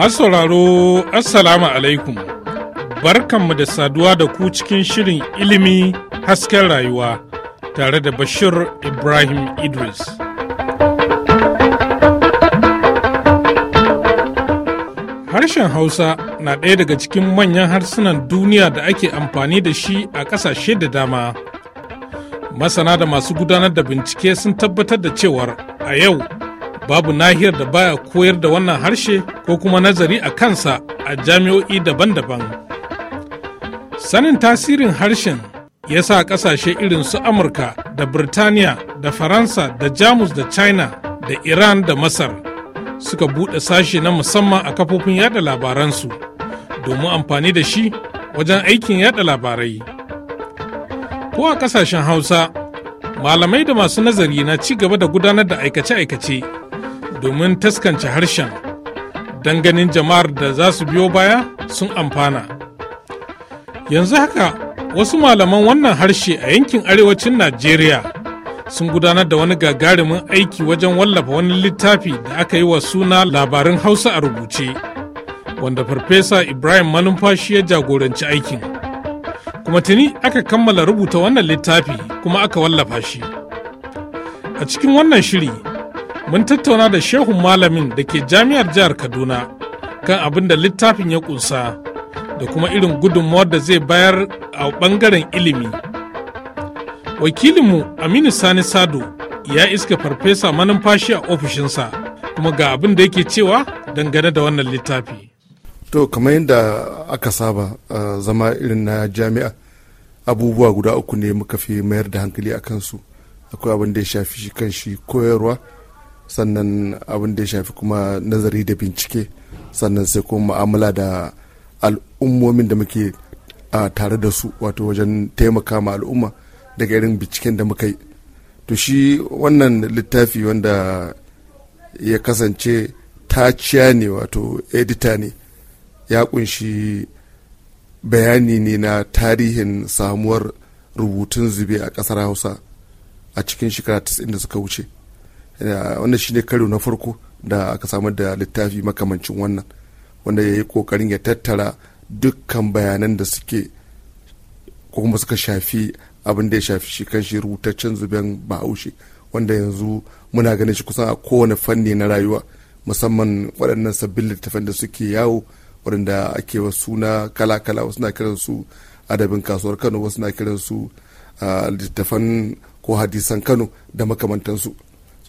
Masu sauraro Assalamu alaikum barkanmu da saduwa da ku cikin shirin ilimi hasken rayuwa tare da Bashir Ibrahim Idris. Harshen Hausa na ɗaya daga cikin manyan harsunan duniya da ake amfani da shi a ƙasashe da dama. Masana da masu gudanar da bincike sun tabbatar da cewar a yau babu nahiyar da baya koyar da wannan harshe ko kuma nazari a kansa a jami'o'i daban-daban sanin tasirin harshen ya sa ƙasashe irin su amurka da birtaniya da faransa da jamus da china da iran da masar suka buɗe sashe na musamman a kafofin yada labaransu domin amfani da shi wajen aikin yada labarai ko a ƙasashen hausa malamai da masu nazari na ci gaba da gudanar da aikace-aikace domin taskance harshen don ganin jama'ar da za su biyo baya sun amfana yanzu haka wasu malaman wannan harshe a yankin arewacin najeriya sun gudanar da wani gagarumin aiki wajen wallafa wani littafi da aka yi wa suna labarin hausa a rubuce wanda farfesa ibrahim malumfashi ya jagoranci aikin kuma tuni aka kammala rubuta wannan littafi kuma aka wallafa shi a cikin wannan shiri mun tattauna da shehun malamin da ke jami'ar jihar kaduna kan abin da littafin ya kunsa da kuma irin gudunmawar da zai bayar a bangaren ilimi wakilinmu aminu sani sado ya iska farfesa manumfashi a ofishinsa kuma ga abin da yake cewa dangane da wannan littafi to kamar yadda aka saba zama irin na jami'a abubuwa guda uku ne muka fi mayar da hankali a kansu akwai abin da ya shafi shi kan shi koyarwa sannan abin da ya shafi kuma nazari da bincike sannan sai kuma mu'amala da al'ummomin da muke a tare da su wato wajen taimaka ma al'umma daga irin binciken da muka yi to shi wannan littafi wanda ya kasance taciya ne wato edita ne ya kunshi bayani ne na tarihin samuwar rubutun zube a ƙasar hausa a cikin shekara 90 da suka wuce Eh, wannan ne karo na farko da aka samar da littafi makamancin wannan wanda ya yi kokarin ya tattara dukkan bayanan da suke ko kuma suka shafi abin da ya shafi shi kan shi rubutaccen zuben bahaushe wanda yanzu muna ganin shi kusan a kowane fanni na rayuwa musamman waɗannan sabbin littafan da suke yawo waɗanda ake wa suna kala-kala wasu na kiran adabin kasuwar kano wasu na kiran su ah, littafan ko hadisan kano da makamantansu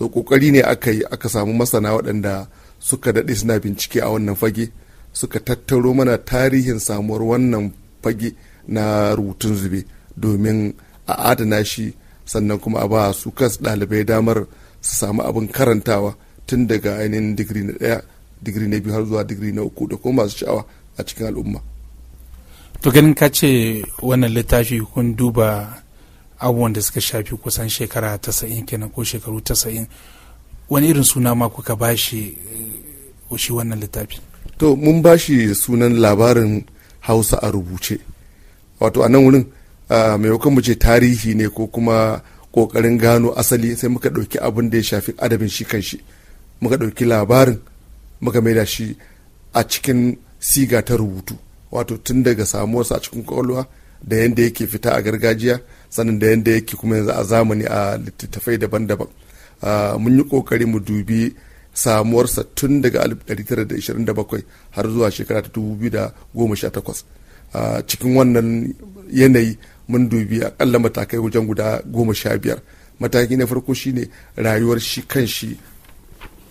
so kokari ne aka yi aka samu masana waɗanda suka daɗe suna bincike a wannan fage suka tattaro mana tarihin samuwar wannan fage na rubutun zube domin a adana shi sannan kuma a ba su kas ɗalibai damar su samu abin karantawa tun daga ainihin digiri na ɗaya digiri na biyu har zuwa digiri na uku da kuma masu sha'awa a cikin al'umma to ganin ka ce wannan littafi kun duba abubuwan da suka shafi kusan shekara tasa'in kenan ko shekaru tasa'in wani irin suna ma kuka ba shi eh, shi wannan littafi to mun ba shi sunan labarin hausa a rubuce wato a nan wurin maimakon mu ce tarihi ne ko kuma kokarin gano asali sai muka ɗauki abin da ya shafi adabin shi kan shi muka ɗauki labarin muka maida shi a cikin siga ta rubutu wato tun daga samuwarsa a cikin kwakwalwa da yadda yake fita a gargajiya sanin da yadda yake kuma yanzu a zamani a littattafai daban-daban ah, mun yi kokari mu dubi samuwarsa tun daga 1927 har zuwa shekara ta 2018 ah, cikin wannan yanayi mun dubi akalla matakai wajen guda goma sha biyar mataki na farko shine rayuwar shi kan shi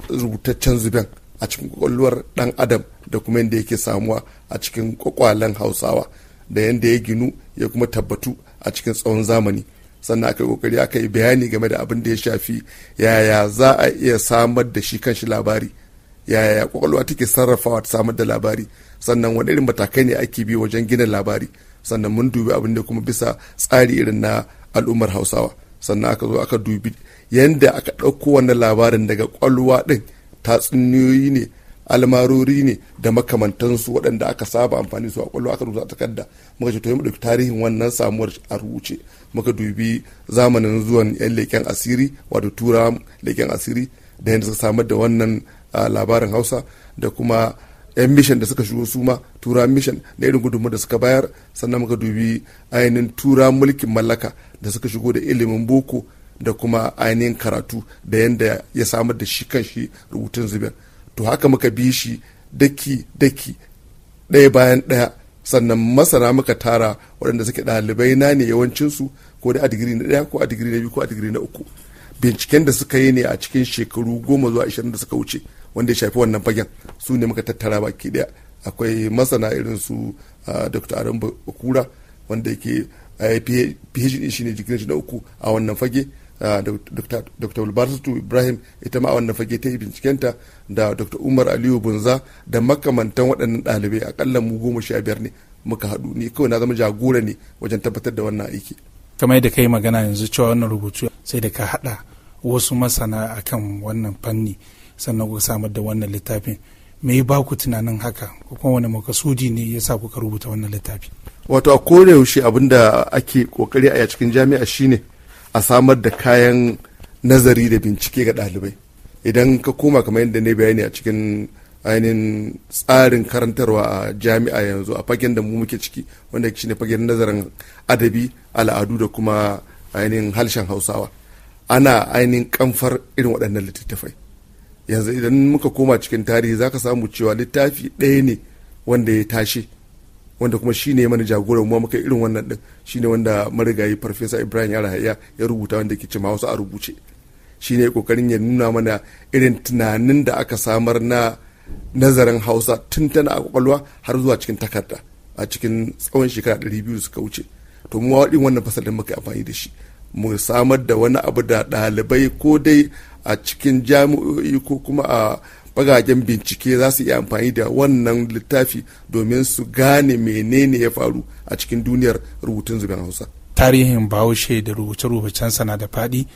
rubutaccen zuben a cikin kwakwalwar dan adam da kuma yadda yake samuwa a cikin kwakwalen hausawa da yadda ya ginu ya kuma tabbatu a cikin tsawon zamani sannan aka yi kokari aka yi bayani game da abin da ya shafi yaya za a iya samar da shi kanshi labari yaya kwakwalwa take sarrafawa ta samar da labari sannan wani irin matakai ne ake bi wajen gina labari sannan mun dubi abin da kuma bisa tsari irin na al'ummar hausawa sannan aka zo aka dubi yadda aka ɗauko wannan labarin daga kwalwa ɗin tatsuniyoyi ne almarori ne da makamantansu waɗanda aka saba amfani su a kwallo aka rubuta takarda muka ce to mu ɗauki tarihin wannan samuwar a rubuce muka dubi zamanin zuwan yan leƙen asiri wato tura leƙen asiri da yadda suka samar da wannan ah, labarin hausa da kuma yan mishan da suka shigo suma tura mishan da irin gudunmu da suka bayar sannan muka dubi ainihin tura mulkin mallaka da suka shigo da ilimin boko da kuma ainihin karatu da yadda ya samar da shi kan shi rubutun zubin to haka muka bi shi daki daki ɗaya bayan ɗaya sannan masana muka tara waɗanda suke ɗalibai na ne yawancinsu ko da a digiri na ɗaya ko a digiri na biyu ko a digiri na uku binciken da suka yi ne a cikin shekaru goma zuwa ashirin da suka wuce wanda ya shafi wannan fagen su ne muka tattara baki ɗaya akwai masana irin su dr aron bakura wanda yake phd shi ne digiri na uku a wannan fage Ah, dr Wilbartu ibrahim ita ma a fage ta yi bincikenta da dr umar aliyu bunza da makamantan waɗannan ɗalibai akalla mu goma sha biyar ne muka haɗu ni kawai na zama jagora ne wajen tabbatar da wannan aiki kamar yadda kai magana yanzu cewa wannan rubutu sai da ka haɗa wasu masana akan wannan fanni sannan ku samar da wannan littafin me ba ku tunanin haka ko kuma wani makasudi ne ya sa kuka rubuta wannan littafi wato a kore yaushe abin ake kokari a cikin jami'a shine a samar da kayan nazari da bincike ga ɗalibai idan ka koma kamar yadda ne bayani a cikin ainihin tsarin karantarwa a jami'a yanzu a fagen da mu muke ciki wanda shi ne fagen nazarin adabi al'adu da kuma ainihin harshen hausawa ana ainihin kamfar irin waɗannan littattafai yanzu idan muka koma cikin tarihi za ka samu cewa littafi ɗaya ne wanda ya tashi wanda kuma shi ne mana jagoran mu muka irin wannan din shi ne wanda marigayi farfesa ibrahim yara ya rubuta wanda ke cima wasu a rubuce shi ne kokarin ya nuna mana irin tunanin da aka samar na nazarin hausa tun tana a kwakwalwa har zuwa cikin takarda a cikin tsawon shekara 200 suka wuce to mu waɗin wannan fasalin muka amfani da shi mu samar da wani abu da ɗalibai ko dai a cikin jami'o'i ko kuma a bagagen bincike za su iya amfani da wannan littafi domin su gane menene ya faru a cikin duniyar rubutun zuben hausa tarihin bahaushe da rubuce rubucen na da faɗi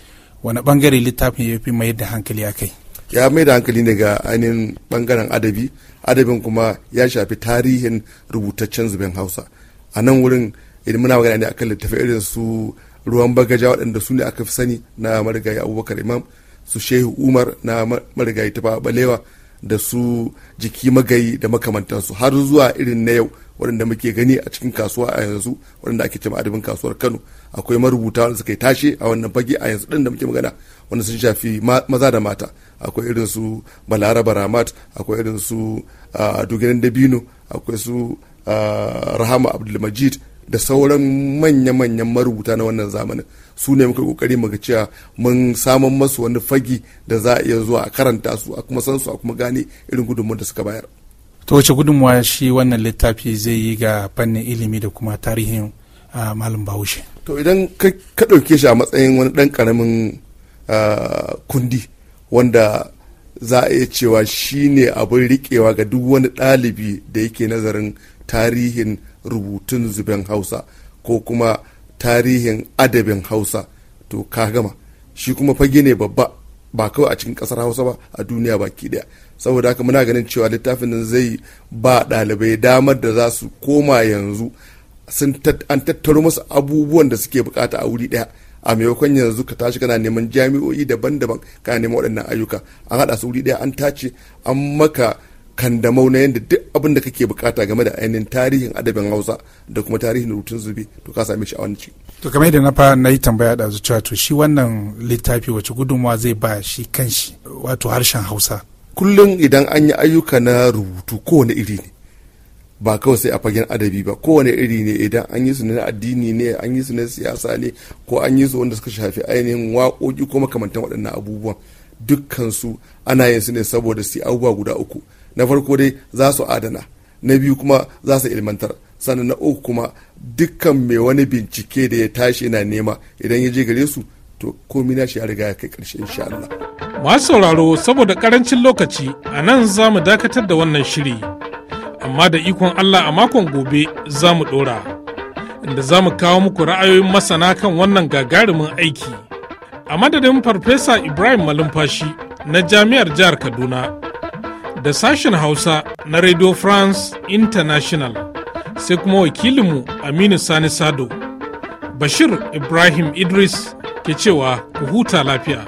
wani bangare littafin ya fi mayar da hankali a kai ya mai da hankali ne ga ainihin bangaren adabi adabin kuma ya shafi tarihin rubutaccen zuben hausa a nan wurin idan muna magana ne akan littafi irin su ruwan bagaja waɗanda su ne aka fi sani na marigayi abubakar imam su shehu umar na marigayi ta balewa da su jiki magayi da makamantansu har zuwa irin na yau waɗanda muke gani a cikin kasuwa a yanzu waɗanda ake cewa adabin kasuwar kano akwai marubuta wanda suka yi tashe a wannan fage a yanzu ɗin da muke magana wanda sun shafi maza da mata akwai irin su balaraba ramat akwai irin su ah, dogarin dabino akwai su ah, rahama abdulmajid da sauran manya-manyan marubuta na wannan zamanin su ne muka kokari muka cewa mun saman masu wani fagi da za a iya zuwa a karanta su a kuma san su a kuma gane irin gudunmu da suka bayar to wace gudunmuwa shi wannan littafi zai yi ga fannin ilimi da kuma tarihin malam bahaushe to idan ka ɗauke shi a matsayin wani ɗan ƙaramin kundi wanda za a iya cewa shi ne abin riƙewa ga duk wani ɗalibi da yake nazarin tarihin rubutun zuben hausa ko kuma tarihin adabin hausa to ka gama shi kuma fage ne babba ba kawai a cikin ƙasar hausa ba a duniya baki ɗaya saboda haka muna ganin cewa littafin nan zai ba ɗalibai damar da za su koma yanzu an tattaro musu abubuwan da suke bukata a wuri ɗaya a maimakon yanzu ka tashi kana neman jami'o'i daban-daban kana neman waɗannan ayyuka an haɗa su wuri ɗaya an tace an maka kandamau na yadda duk abin da kake bukata game da ainihin tarihin adabin hausa da kuma tarihin rubutun zube to ka same shi a wani to kamar yadda na fa na yi tambaya da cewa to shi wannan littafi wace gudunmawa zai ba shi kanshi wato harshen hausa kullum idan an yi ayyuka na rubutu kowane iri ne ba kawai sai a fagen adabi ba kowane iri ne idan an yi su na addini ne an yi su na siyasa ne ko an yi su wanda suka shafi ainihin waƙoƙi ko makamantan waɗannan abubuwan dukkansu ana yin su ne saboda su abubuwa guda uku na farko dai za su adana na biyu kuma za su ilmantar sannan na uku kuma dukkan mai wani bincike da ya tashi yana nema idan ya je gare su to komi na shi ya riga ya kai ƙarshe insha Allah. Masu sauraro saboda karancin lokaci a nan za mu dakatar da wannan shiri amma da ikon Allah a makon gobe za mu ɗora inda za mu kawo muku ra'ayoyin masana kan wannan gagarumin aiki a madadin farfesa ibrahim malumfashi na jami'ar jihar kaduna da sashen hausa na radio france international sai kuma wakilinmu aminu sani sado bashir ibrahim idris ke cewa ku huta lafiya.